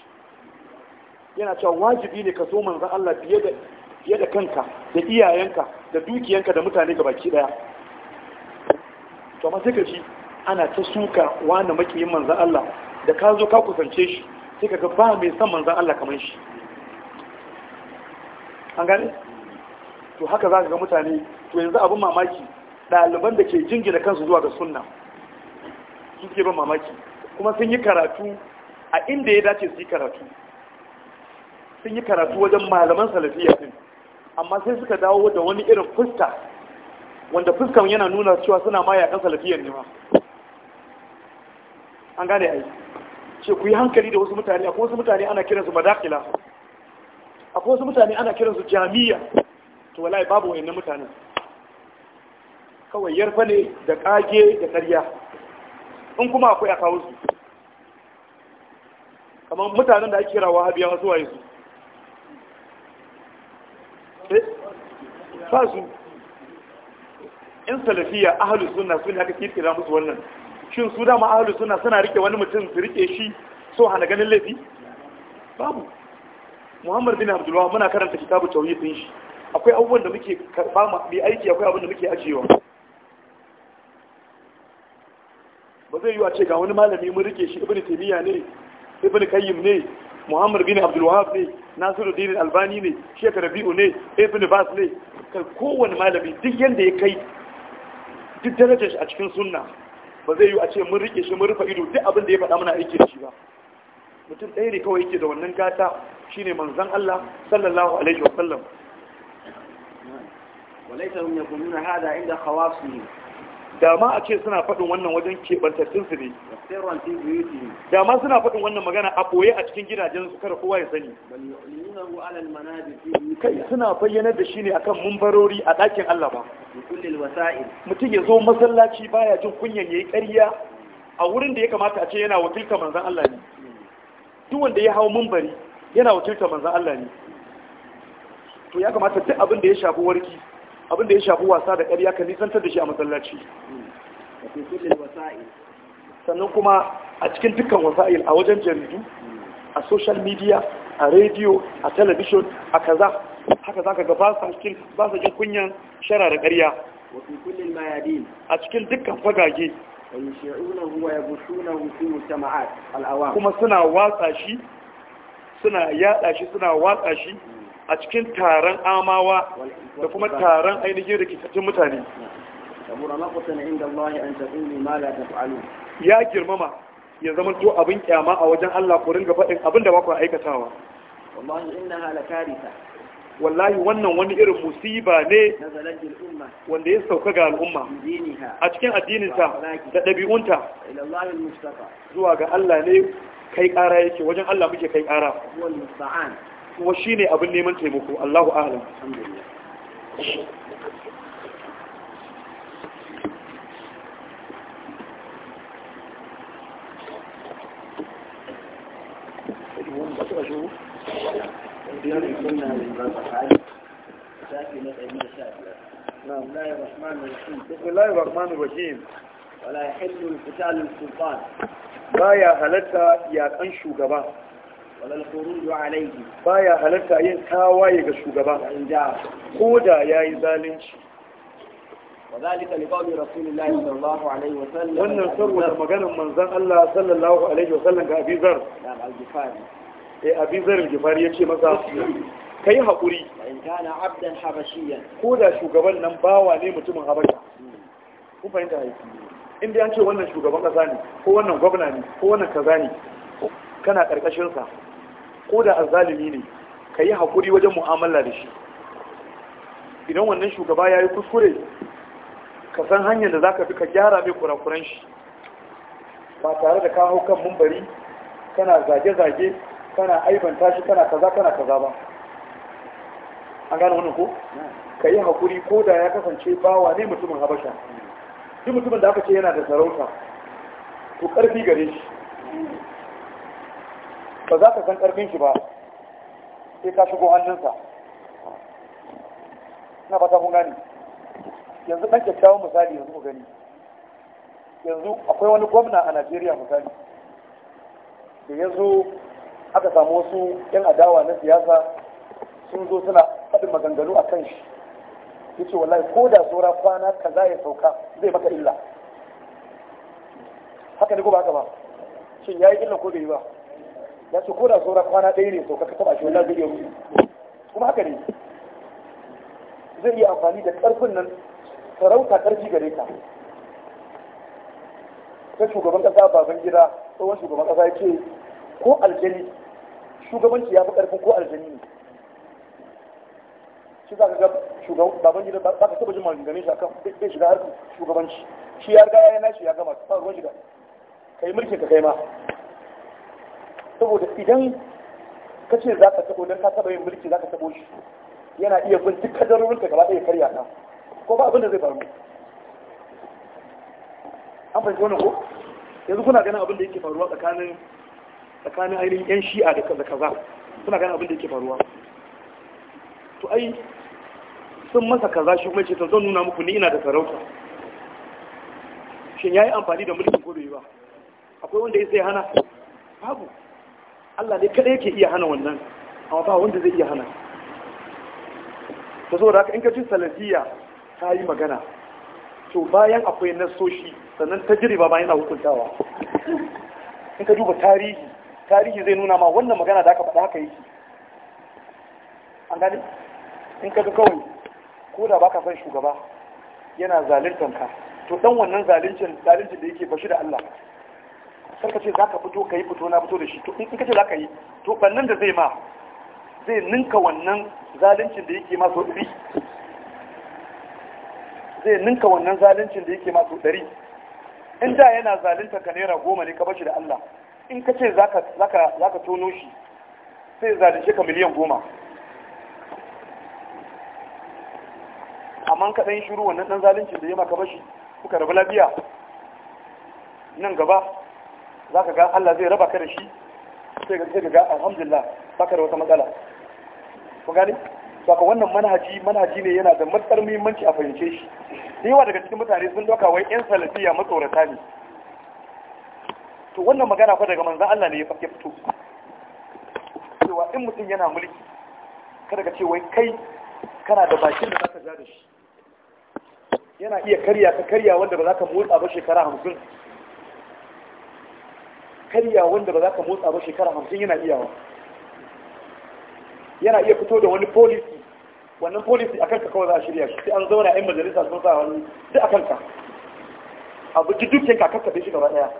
yana cewa wajibi ne ka so manzan Allah fiye da kanka da iyayenka da dukiyanka da mutane gabaki daya to amma sai ka ji ana ta suka wani makiyin manzan Allah da ka zo ka kusance shi sai ga ba mai san manzan Allah kamar shi an gane to haka za ka ga mutane to yanzu abin mamaki ɗaliban da ke jingina kansu zuwa ga sunna su ke ban mamaki kuma sun yi karatu a inda ya dace su yi karatu sun yi karatu wajen malaman salafiya din amma sai suka dawo da wani irin fuska wanda fuskan yana nuna cewa suna maya kan salafiyar ne ma an gane aiki ce ku yi hankali da wasu mutane akwai wasu mutane ana kiransu madakila akwai wasu mutane ana kiransu jami'a to wallahi babu wayannan mutanen kawai yarfa ne da kage da ƙarya in kuma akwai a kawo su kamar mutanen da ake kira wasu waye su eh? ba su in salafiya ahalus sunna sun haka kirkira musu wannan shin su dama ma'alu suna suna rike wani mutum su rike shi so hana ganin laifi babu muhammad bin abdullawa muna karanta kitabu tauhid din shi akwai abubuwan da muke karba mai aiki akwai abin da muke ajiyewa ba zai yi ce ga wani malami mun rike shi ibn taymiya ne ibn kayyim ne muhammad bin abdullawa ne nasiruddin albani ne shekh rabi'u ne ibn bas ne kai kowane malami duk yanda ya kai duk darajar a cikin sunna ba zai yi a ce mun rike shi mun rufe ido duk abin da ya faɗa muna aiki da shi ba mutum ɗaya ne kawai yake da wannan gata shine manzon Allah sallallahu alaihi wa sallam walaita hum yakununa hada inda khawasihim Dama a ce suna faɗin wannan wajen keɓantattunsu ne dama suna faɗin wannan magana a ɓoye a cikin gidajen su, kara kowa ya sani kai suna bayyanar da shi ne akan mumbarori a ɗakin Allah ba mutum ya zo masallaci baya jin kunyan ya yi ƙarya a wurin da ya kamata a ce yana wakilta manzan Allah ne duk wanda ya hau mumbari yana wakilta manzan Allah ne to ya kamata duk abin da ya shafi warki abin da ya shafi wasa da ƙarya ka nisantar da shi a masallaci sannan kuma a cikin dukkan wasa'il a wajen jaridu a social media a radio a television a kaza haka za ka ga ba sa jin kunyan shara da ƙarya a cikin dukkan fagage kuma suna watsa shi suna yada shi suna watsa shi a cikin taron amawa da kuma taron ainihin rikitattun mutane ya girmama ya zama to abin kyama a wajen Allah ku ringa faɗin abin da ba ku aikatawa wallahi innaha lakarisa wallahi wannan wani irin musiba ne wanda ya sauka ga al'umma a cikin addininta da ɗabi'unta zuwa ga Allah ne kai ƙara yake wajen Allah muke kai ƙara kuma shi ne abin neman taimako Allahu ahalam بسم الله الرحمن الرحيم ولا يحل القتال السلطان لا يا هلتا يا كان شugaba baya halarta yin tawaye ga shugaba ko da ya zalunci zalinci لقول رسول الله صلى الله wannan maganar manzan Allah sallallahu alaihi wasallam ga abizar Zar abizar ghifari eh ce maza ka yi haƙuri masa ko da shugaban nan bawa ne mutumin habasha Ku fahimta ai in dai an ce wannan shugaban ƙasa ne ko wannan gwamna ne ko wannan kaza ne kana ƙarƙashinsa. ko da azzalimi ne ka yi haƙuri wajen mu'amala da shi idan wannan shugaba ya yi kuskure ka san hanyar da za ka fi ka gyara mai kurakuran shi ba tare da kawo kan mumbari kana zage-zage kana aibanta shi kana kaza kana kaza ba an gane wannan ko ka yi haƙuri ko da ya kasance bawa ne mutumin habasha duk mutumin da aka ce yana da sarauta ko ƙarfi gare shi ba za ka san karfin shi ba sai ka shigo hannunsa na fata kun ne yanzu ɗan kyakkyawan misali yanzu ku gani yanzu akwai wani gwamna a najeriya misali da ya zo aka samu wasu 'yan adawa na siyasa sun zo suna faɗin maganganu a kan shi ya ce wallahi ko da zora kwana ka za ya sauka zai maka illa haka ne ko ba haka ba shin ya yi illa ko bai yi ba da su ko da saura kwana ɗaya ne sauka ka taɓa shi wannan zai iya wuce. kuma haka ne zai iya amfani da ƙarfin nan sarauta ƙarfi gare ka ta shugaban ƙasa baban gida tsohon shugaban ƙasa ya ce ko aljani shugabanci ya fi ƙarfin ko aljani ne shi za ka ga shugaban baban gida ba ka taɓa jin maganganun shi akan bai shiga harkar shugabanci shi ya riga ya nashi ya gama ba ruwan shiga kai mulkin ka kai ma saboda idan ka ce za ka tabo don ka taba yin mulki za ka tabo shi yana iya bin duk kadarorin ka gaba ɗaya karya ka ko ba abin da zai faru an fahimci wani ko yanzu kuna ganin abin da yake faruwa tsakanin tsakanin ainihin yan shi'a da kaza kaza kuna ganin abin da yake faruwa to ai sun masa kaza shi kuma ce ta zan nuna muku ni ina da sarauta shin ya yi amfani da mulkin ko bai ba akwai wanda ya sai hana babu Allah ne kada yake iya hana wannan amma ba wanda zai iya hana ta saboda haka in ka ci salafiya ta yi magana to bayan akwai nasoshi sannan ta tajriba bayan na hukuntawa in ka duba tarihi tarihi zai nuna ma wannan magana da aka faɗa haka yake an gani in ka ga kawai ko da baka san shugaba yana zalintanka to dan wannan zalincin da yake bashi da Allah karka ce za ka fito ka yi fito na fito da shi to in ka ce za ka yi to bannan da zai ma zai ninka wannan zaluncin da yake maso ɗari zai ninka wannan zaluncin da yake maso ɗari in da yana zalunta ka naira goma ne ka bashi da Allah in ka ce za ka tono shi sai zalunce ka miliyan goma amma ka ɗan shiru wannan ɗan zaluncin da ya maka bashi kuka rabu lafiya nan gaba za ka ga Allah zai raba ka da shi sai ka ga alhamdulillah baka da wata matsala ku gani saka wannan manhaji manhaji ne yana da matsar muhimmanci a fahimce shi da yawa daga cikin mutane sun doka wai yan salafiya matsorata ne to wannan magana fa daga manzon Allah ne ya fito cewa in mutum yana mulki kada ka ce wai kai kana da bakin da zaka ja da shi yana iya karya ka karya wanda ba za ka motsa ba shekara hamsin karya wanda ba za ka motsa ba shekara hamsin yana iyawa yana iya fito da wani policy wannan policy a kanka kawai za a shirya shi sai an zauna yan majalisa sun sa wani duk a kanka abu dukkan ka kakkafe shi gaba daya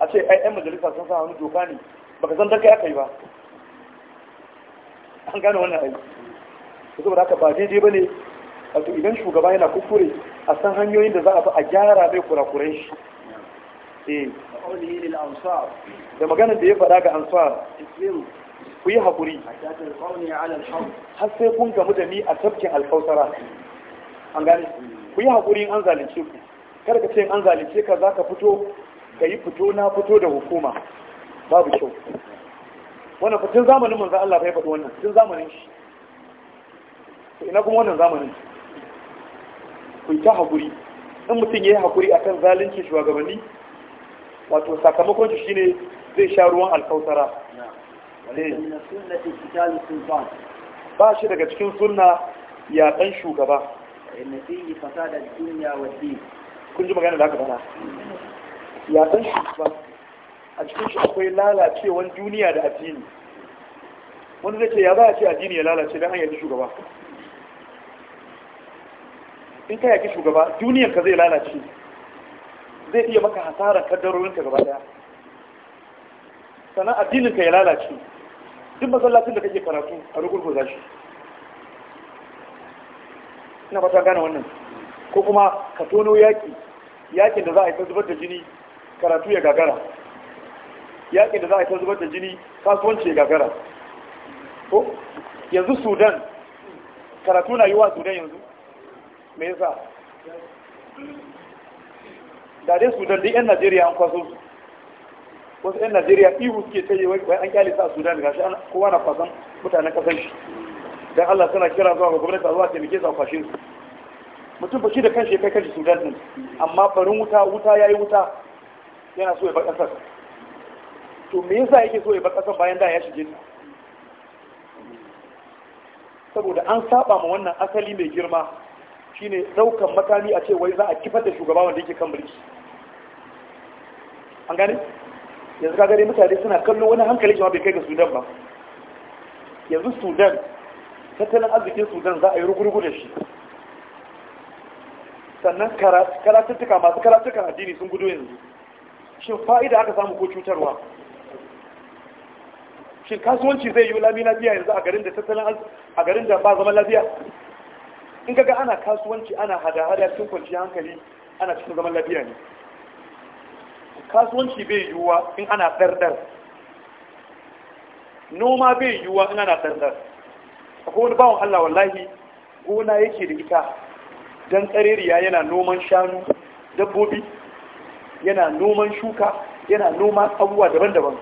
a ce ai yan majalisa sun sa wani doka ne baka san dan kai aka yi ba an gane wannan aiki saboda haka ba daidai bane wato idan shugaba yana kuskure a san hanyoyin da za a bi a gyara mai kurakuren shi eh qawlihi lil ansar da magana da ya faɗa ga ansar ku yi hakuri har sai kun gamu da ni a tafkin alkautara an gane ku yi hakuri an zalunce ku karka ka ce an zalunce ka za ka fito ka yi fito na fito da hukuma babu kyau wannan tun zamanin manzan Allah bai faɗi wannan tun zamanin shi ina kuma wannan zamanin ku yi ta hakuri in mutum ya yi hakuri akan zalunci shugabanni wato sakamakon shi shine zai sha ruwan alkautara ba shi daga cikin sunna dan shugaba kun ji magana da aka bana dan shugaba a cikin shi akwai lalacewan duniya da addini wanda zai ce ya za a ce addini ya lalace don hanyar shugaba in ka yaki shugaba ka zai lalace zai iya maka hasarar ta gaba daya sannan ka ya lalace duk masallacin da kake karatu a za shi ina fata gane wannan ko kuma ka tono yaki yakin da za a yi ta zubar da jini karatu ya gagara yakin da za a yi ta zubar da jini kasuwanci ya gagara ko yanzu sudan karatu na yi wa sudan yanzu me yasa da dai sudan duk yan najeriya an kwaso su wasu yan najeriya ihu suke ta yi wai an kyale sa sudan gashi kowa na kwasan mutanen kasan shi dan allah suna kira zuwa ga gwamnati a zuwa taimake su a kwashe su mutum ba shi da kanshi kai kanshi sudan din amma barin wuta wuta yayi wuta yana so ya bar kasar to me yasa yake so ya bar kasar bayan da ya shige ta saboda an saba ma wannan asali mai girma Shi ne daukan makami a ce wai za a kifar da shugaba wanda yake kan mulki an gane yanzu ka gani mutane suna kallo wani hankali shi ma bai kai ga sudan ba yanzu sudan tattalin arzikin sudan za a yi rugurgu da shi sannan karatuttuka masu karatuttukan addini sun gudu yanzu shin fa'ida aka samu ko cutarwa shin kasuwanci zai yi lami lafiya yanzu a garin da tattalin a garin da ba zaman lafiya in ga-ga ana kasuwanci ana hada-hada cikin kwanciyar hankali ana cikin zaman lafiya ne kasuwanci bai yiwuwa in ana ɗarɗar noma bai yiwuwa in ana ɗarɗar akwai wani bawan Allah wallahi gona yake da ita don tsaririya yana noman shanu dabbobi yana noman shuka yana noma abubuwa daban-daban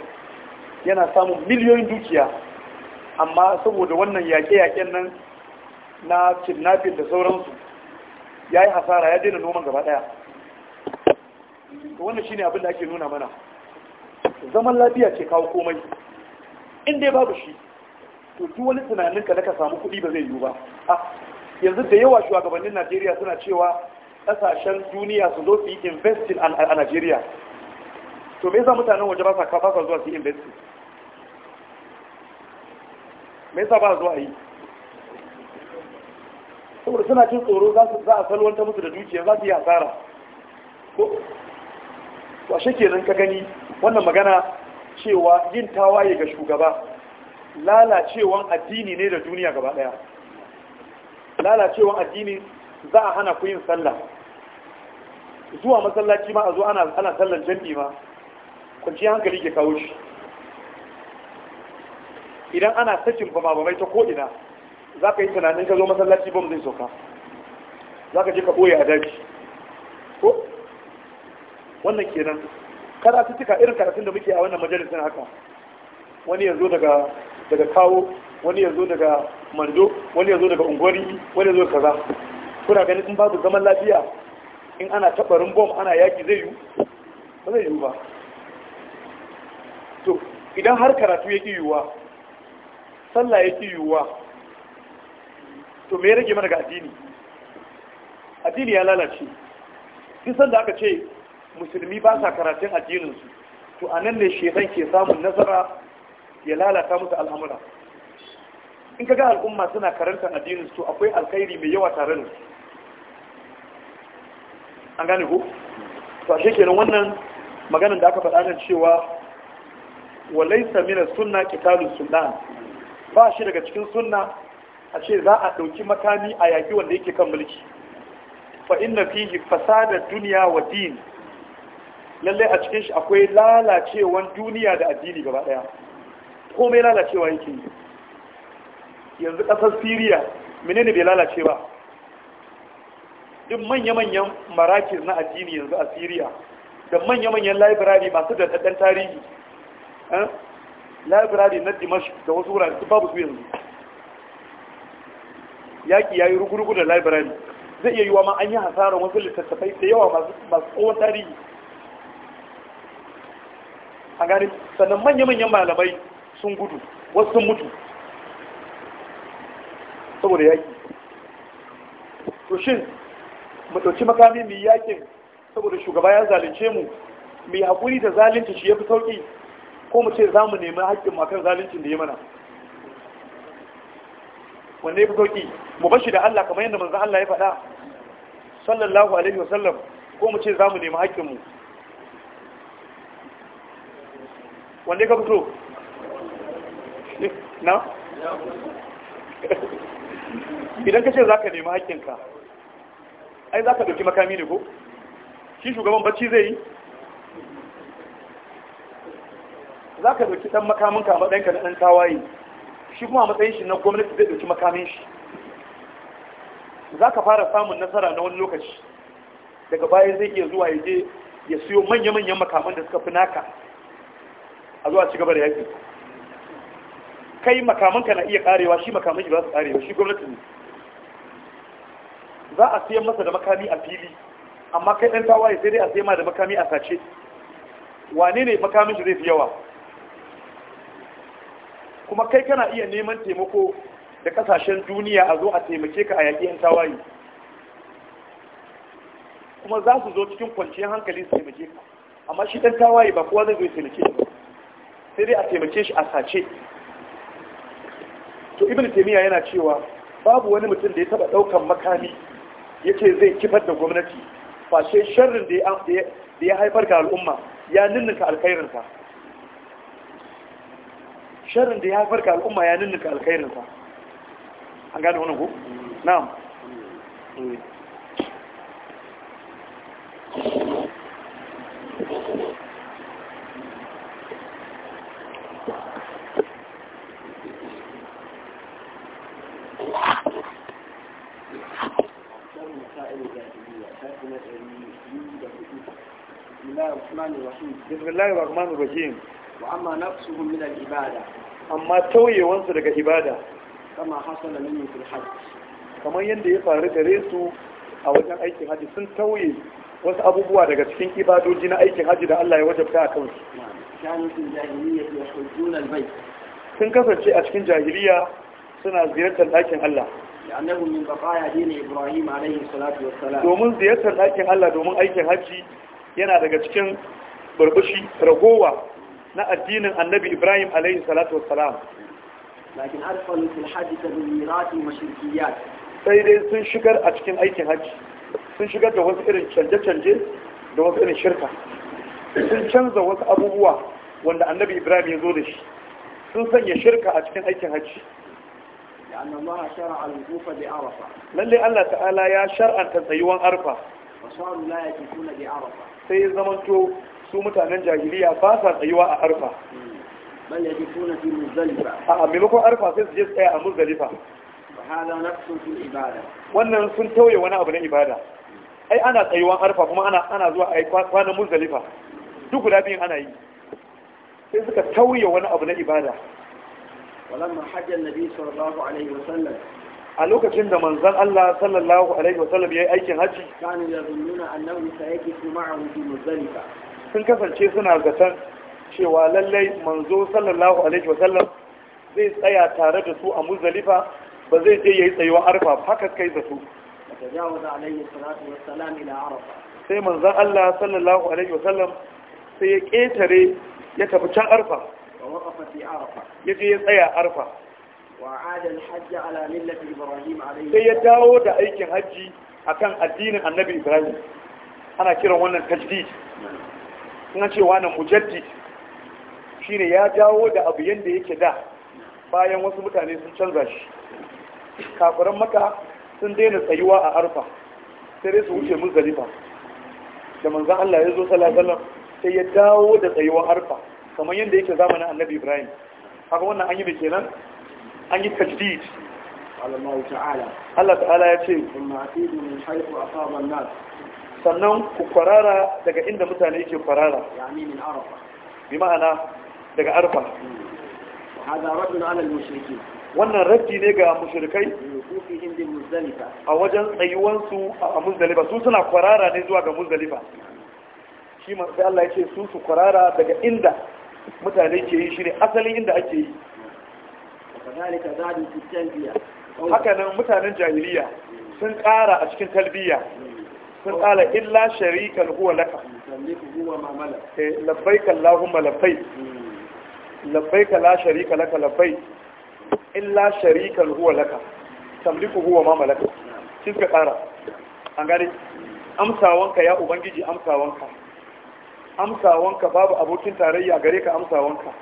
yana samun miliyoyin dukiya amma saboda wannan yaƙe-yaƙen nan na cinnafin da sauransu ya yi hasara ya daina noman gaba daya wannan shine abin da ake nuna mana zaman lafiya ke kawo komai in dai babu shi to duk wani tunanin ka ka samu kuɗi ba zai yiwu ba A yanzu da yawa shugabannin Najeriya suna cewa kasashen duniya su zo su yi investing a Najeriya to me yasa mutanen waje ba sa kafa zuwa su yi investing me yasa ba zuwa yi saboda suna cin tsoro za su za a ta musu da dukiya za su yi asara ko kenan ka gani wannan magana cewa yin tawaye ga shugaba lalacewan addini ne da duniya gaba daya lalacewan addini za a hana ku yin sallah zuwa masallaci ma a zo ana ana sallar jami'i ma kunci hankali ke kawo shi idan ana sakin bama bamai ta ko'ina za ka yi tunanin ka zo masallaci bom zai sauka za ka je ka ɓoye a daji ko wannan kenan cika irin karatun da muke a wannan majalisar haka wani yanzu daga daga kawo wani yanzu daga mando wani yanzu daga ungwari wani yanzu kaza kuna ganin sun babu zaman lafiya in ana tabarin bom ana yaki zai yi ba zai yi ba to idan har karatu ya ki yiwuwa sallah ya ki yiwuwa to me rage mana ga addini addini ya lalace duk sanda aka ce musulmi ba sa karatun addininsu to a nan ne shedan ke samun nasara ya lalata musu al'amura in ka ga al'umma suna karantar addininsu to akwai alkhairi mai yawa tare da su an gane ko to ashe kenan wannan maganar da aka faɗa nan cewa wa min as-sunna qitalus ba shi daga cikin sunna a ce za a ɗauki makami a yaƙi wanda yake kan mulki fa inna fihi fasadar duniya wa din lallai a cikin shi akwai lalacewan duniya da addini gaba ɗaya komai lalacewa yake yi yanzu ƙasar siriya menene bai lalace ba duk manya-manyan marakis na addini yanzu a siriya da manya-manyan library masu da tarihi eh? library na dimash da wasu wurare su babu su yanzu yaƙi ya yi rugurugu da library zai iya yiwa ma an yi hasarar wasu littattafai da yawa masu tsohon tarihi a gani sannan manya-manyan malamai sun gudu wasu sun mutu saboda yaƙi to shin mu ɗauki makami mai yaƙin saboda shugaba ya zalunce mu mai haƙuri da zalince shi ya fi sauƙi ko mu ce za mu nemi haƙƙin makar zalincin da ya mana wanne ya fi sauki mu bashi da Allah kamar yadda manzan Allah ya faɗa sallallahu alaihi wasallam ko mu ce za mu nemi haƙƙinmu wanne ka fito na idan ka ce za ka nemi haƙƙinka ai za ka ɗauki makami ne ko shi shugaban bacci zai yi za ka ɗauki ɗan makaminka a maɗanka na ɗan tawaye shi kuma matsayin shi na gwamnati zai ɗauki makamin shi za ka fara samun nasara na wani lokaci daga baya zai iya zuwa ya je ya siyo manya-manyan makaman da suka fi naka a zuwa ci gabar da yaƙi kai makamanka na iya karewa shi makaman shi ba su karewa shi gwamnati ne za a siyan masa da makami a fili amma kai ɗan tawaye sai dai a siya ma da makami a sace wane ne makamin shi zai fi yawa kuma kai kana iya neman taimako da kasashen duniya a zo a taimake ka a yaƙi 'yan tawaye kuma za su zo cikin kwanciyar hankali su taimake ka amma shi ɗan tawaye ba kowa zai zo ya taimake ba sai dai a taimake shi a sace to ibn taimiyya yana cewa babu wani mutum da ya taba ɗaukan makami ya ce zai kifar da gwamnati fashe sharrin da ya haifar ga al'umma ya ninninka alkhairinsa sharrin da ya farka al'umma ya ninninka alkhairinsa an gane wani ku? na'am بسم الله الرحمن الرحيم وعما نفسه من العبادة amma tauyewansu daga ibada kama hasala min fil hajj kamar yadda ya faru gare su a wajen aikin haji sun tauye wasu abubuwa daga cikin ibadoji na aikin haji da Allah ya wajabta a kansu sun kasance a cikin jahiliya suna ziyartar ɗakin Allah min Ibrahim salatu domin ziyartar ɗakin Allah domin aikin haji yana daga cikin burbushi ragowa na addinin annabi ibrahim alaihi salatu wassalam lakin arfal fil hajji ta mirati mashirkiyat sai dai sun shigar a cikin aikin hajji sun shigar da wasu irin canje-canje da wasu irin shirka sun canza wasu abubuwa wanda annabi ibrahim ya zo da shi sun sanya shirka a cikin aikin hajji Lallai Allah ta'ala ya shar'anta tsayuwan arfa Wasu ke sai ya zamanto su mutanen jahiliya ba sa tsayuwa a arfa a maimakon arfa sai su je tsaya a muzdalifa wannan sun tauye wani abu na ibada ai ana tsayuwan arfa kuma ana zuwa a yi kwanan muzalifa. duk guda biyun ana yi sai suka tauye wani abu na ibada walamma hajjan nabi sallallahu alaihi wasallam a lokacin da manzan Allah sallallahu alaihi wasallam ya yi aikin hajji kanu yazunnuna annahu sayaqifu ma'ahu fi muzdalifa sun kasance suna zaton cewa lallai manzo sallallahu alaihi wasallam zai tsaya tare da su a muzalifa ba zai je yayi tsayuwar arfa haka kai da su sai manzon Allah sallallahu alaihi wasallam sai ya ketare ya tafi can arfa ya je ya tsaya arfa sai ya dawo da aikin hajji akan addinin annabi ibrahim ana kiran wannan tajdid suna cewa mujaddi shi ne ya dawo da abu yadda yake da bayan wasu mutane sun canza shi kafiran maka sun daina tsayuwa a arfa sai dai su wuce mun zalifa da manzan Allah ya zo sallallahu sai ya dawo da tsayuwa arfa kamar yadda yake zamanin annabi ibrahim haka wannan an yi mai kenan an yi tajdid Allah ta'ala ya ce sannan ku kwarara daga inda mutane ke kwarara bi ma'ana daga arfa wannan raddi ne ga mushrikai a wajen tsayuwansu a muzdalifa su suna kwarara ne zuwa ga muzdalifa shi masu Allah ya ce su su kwarara daga inda mutane ke yi shi ne asalin inda ake yi hakanan mutanen jahiliya sun kara a cikin talbiya sun kala illa sharikan huwa laka eh, labbaika allahumma labbai labbaika la sharika laka labbai illa sharikan huwa laka tamliku huwa ma malaka shi suka kara an gani amsawanka ya ubangiji amsawanka amsawanka babu abokin tarayya a gare ka amsawanka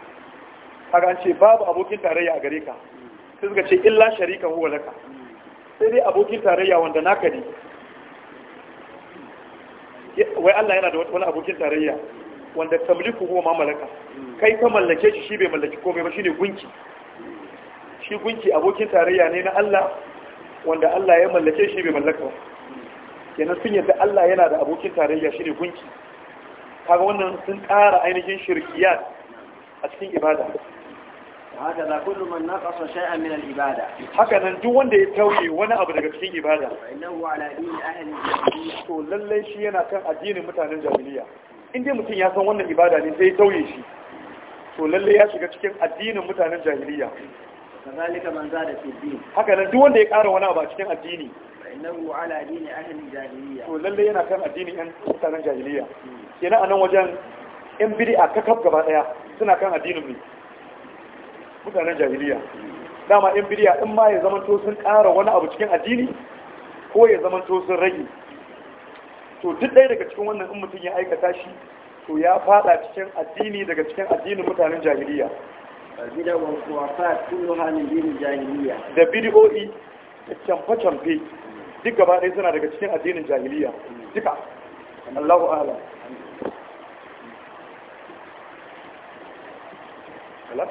kaga an ce babu abokin tarayya a gare ka sai suka ce illa sharika huwa laka sai dai abokin tarayya wanda naka ne wai Allah yana da wani abokin tarayya wanda tamliku kuma mamalaka? kai ka mallake shi shi bai mallaki komai ba shine gunki shi gunki abokin tarayya ne na Allah wanda Allah ya mallake shi bai mallaka ba kenan sun yadda Allah yana da abokin tarayya shine gunki kaga wannan sun ƙara ainihin shirkiyat a cikin ibada وهكذا كل من نقص شيئا من العبادة هكذا دو wanda ya tauye wani abu daga cikin ibada innahu ala din ahli to lalle shi yana kan addinin mutanen jahiliya in dai mutum ya san wannan ibada ne sai ya tauye shi to lalle ya shiga cikin addinin mutanen jahiliya kazalika man zada fi din haka nan duk wanda ya ƙara wani abu a cikin addini innahu ala din ahli jahiliya to lalle yana kan addinin yan mutanen jahiliya kenan anan wajen yan bid'a kakaf gaba daya suna kan addinin ne mutanen jahiliya dama in bidiya in ma ya zamanto sun ƙara wani abu cikin addini ko ya zamanto sun rage to duk ɗaya daga cikin wannan in mutum ya aikata shi to ya fada cikin addini daga cikin addinin mutanen jahiliya da bidi'o'i da camfe-camfe duk gaba ɗaya suna daga cikin addinin jahiliya duka allahu Alam. Alas?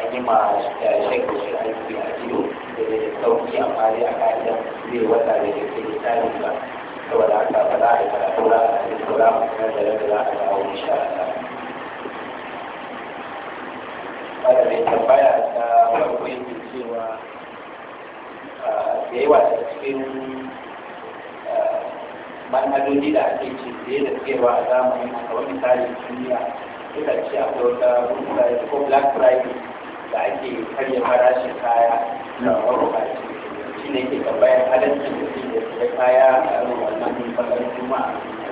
an yi ma shekaru shi aiki a kilo da sauki amma fari a ka'idan zai wata da ya ke misali ba saboda haka ba a yi karatu za a yi a mutum da za a dawo insha Allah. Bada mai tambaya ta farko yake cewa ah, da yawa da cikin ah, manhajoji da ake ce da cewa a zamanin haka wani tarihin duniya suka ce akwai wata ko black friday da ake karya farashin kaya na maruka shi ne ke bayan halaccin da ke da kaya a yau wannan bakar juma'a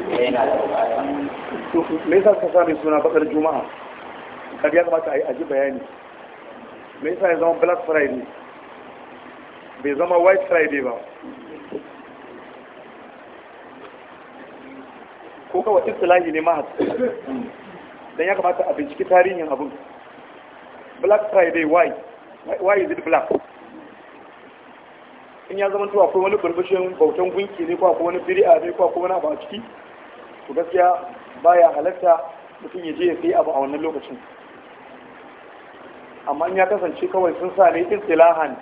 da yana da bukata. me yasa suka sa mai suna bakar juma'a kaga ya kamata a yi aji bayani me yasa ya zama black friday bai zama white friday ba ko kawai istilahi ne ma dan ya kamata a binciki tarihin abin black friday why why is it black in ya zama tuwa akwai wani burbushin bautan gunki ne ko akwai wani biri'a ne ko akwai wani abu a ciki to gaskiya baya halatta mutum ya je ya sai abu a wannan lokacin amma in ya kasance kawai sun sa ne silahan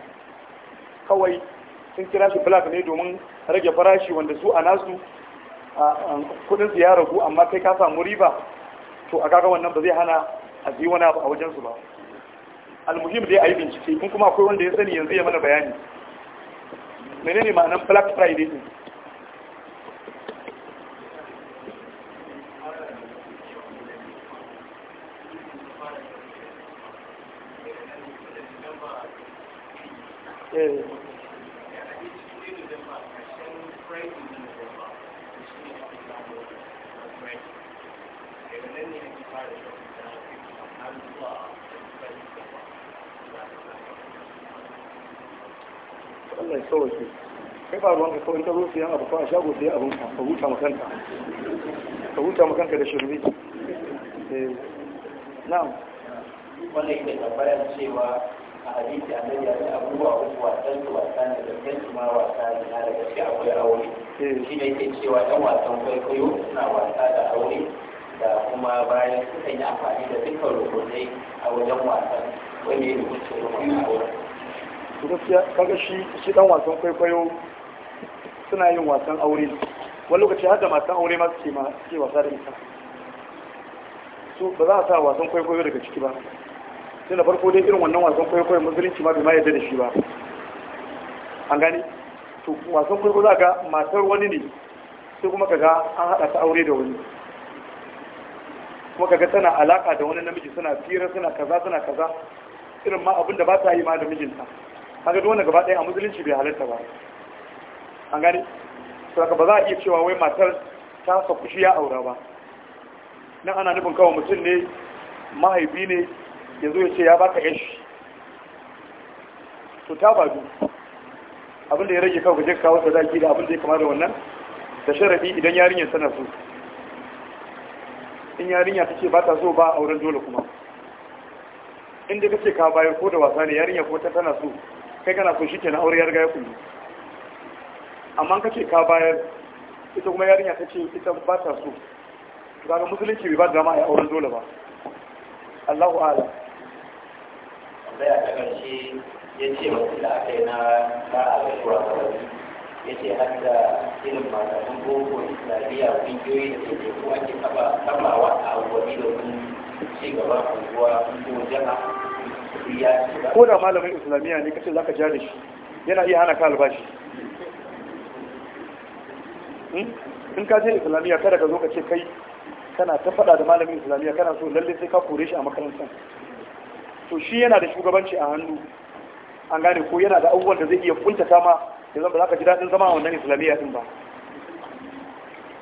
kawai sun kira shi black ne domin rage farashi wanda su a nasu kudin su ya ragu amma kai ka samu riba to a kaga wannan ba zai hana a ji wani abu a wajensu ba almuhim da a yi bincike kuma akwai wanda ya sani yanzu ya mana bayani menene ma'anar black friday din siyan abu fa shago sai abun ka huta makanka ka huta makanka da shirme eh, na'am wanda yake bayan cewa a hadisi annabi ya ce abubuwa uku wasan su wasa ne da kansu ma wasa ne na da gaske akwai aure eh. shi ne yake cewa ɗan wasan kwaikwayo suna wasa da aure da kuma bayan suka yi amfani da dukkan rubutai a wajen wasan wanda ya rubuta rukunin aure. gaskiya kaga shi shi dan wasan kwaikwayo suna yin wasan aure wani lokaci har da aure ma suke suke wasa da ita su ba za a sa wasan kwaikwayo daga ciki ba sai na farko dai irin wannan wasan kwaikwayo musulunci ma bai ma yadda da shi ba an gani to wasan kwaikwayo za ga matar wani ne sai kuma kaga an haɗa ta aure da wani kuma kaga tana alaka da wani namiji suna fira suna kaza suna kaza irin ma abin da ba ta yi ma da mijinta kaga duk wanda gaba ɗaya a musulunci bai halarta ba an gane saka ba za a iya cewa wai matar ta sauku shi ya aura ba nan ana nufin kawo mutum ne mahaifi ne ya zo ya ce ya baka yashi to ta badu abinda ya rage kawo gajen kawo zaki da abinda ya kama da wannan da sharafi idan yarinyar tana so in yarinya ta ce ba ta so ba auren dole kuma in da ce ka bayar ko da wasa ne yarinya ko ta tana so kai kana so shi kenan aure ya riga ya kuma amma ka ce ka bayar ita kuma yarinya ta ce ita ba ta so kaga musulunci bai ba zama a auren dole ba Allahu a'lam sai a ƙarshe ya ce wasu da aka yi na ba a ga kurakurai ya ce har da irin malaman boko islamiyya ƙungiyoyi da ke ko ake kamawa a abubuwa domin ci gaban unguwa ko jama ko da malamin islamiyya ne kace zaka ja da shi yana iya hana ka albashi Hmm? in ka je islamiyya kada ka zo ka ce kai kana ta faɗa da malamin islamiyya kana so lalle sai ka kore shi a makarantar to shi yana da shugabanci a hannu an gane ko yana da abubuwan da zai iya kunta ma da zan ba za ka ji daɗin zama a wannan islamiyya din ba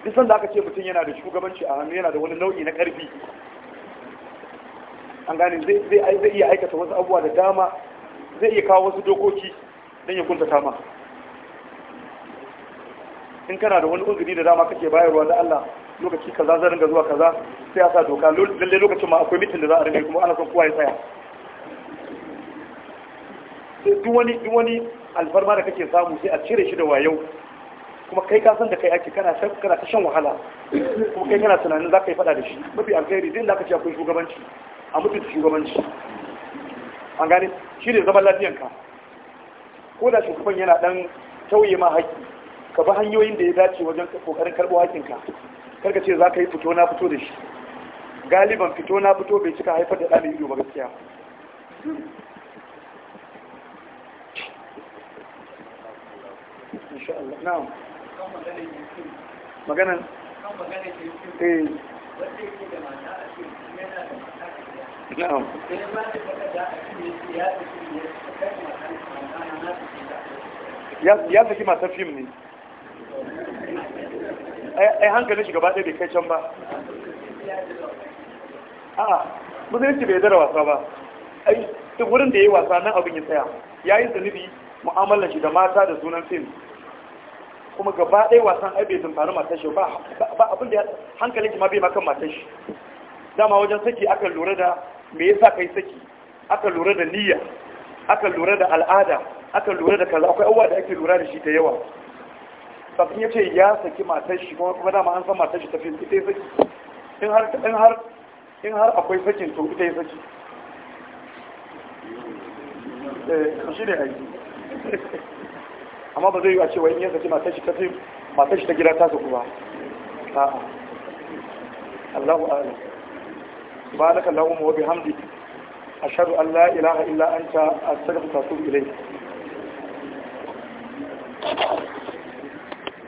duk da aka ce mutum yana da shugabanci a hannu yana da wani nau'i na ƙarfi an gane zai iya aikata wasu abubuwa da dama zai iya kawo wasu dokoki don ya kunta ma in kana da wani uzuri da dama kake bayarwa da Allah lokaci kaza zan ringa zuwa kaza sai a sa doka lalle lokacin ma akwai mitin da za a rinka kuma ana son kowa ya tsaya sai duk wani duk wani alfarma da kake samu sai a cire shi da wayau kuma kai ka san da kai ake kana shan kana ta shan wahala kuma kai kana tunanin za ka yi fada da shi mafi alkhairi zai da akwai shugabanci a mutunta shugabanci an gane shi ne zaman lafiyanka ko da shugaban yana dan tauye ma haƙƙi ka bi hanyoyin da ya dace wajen kokarin karɓo hakinka karka ce za ka yi fito na fito da shi galiban fito na fito bai cika haifar da ɗalibi ba gaskiya maganan eh. ya saki matar fim ne ai hankalin shi gaba ɗaya bai kai can ba a'a musulunci bai zara wasa ba ai duk wurin da ya yi wasa nan abin ya tsaya ya yi zunubi mu'amalar shi da mata da sunan fim kuma gaba ɗaya wasan ai bai zumfari matar shi ba abin da hankalin shi ma bai makan matar shi dama wajen saki aka lura da me yasa kai saki aka lura da niyya aka lura da al'ada aka lura da kaza akwai abubuwa da ake lura da shi ta yawa safin ya ce ya saki matar shi kuma dama an san matar shi tafi ita ya saki in har akwai sakin to ita ya saki eh, shi ne aiki amma ba zai yi a cewa in ya saki matar shi tafi matar shi ta gida ta saku ba a'a Allahu a'lam subhanaka allahumma wa bihamdika ashhadu an la ilaha illa anta astaghfiruka wa atubu ilayk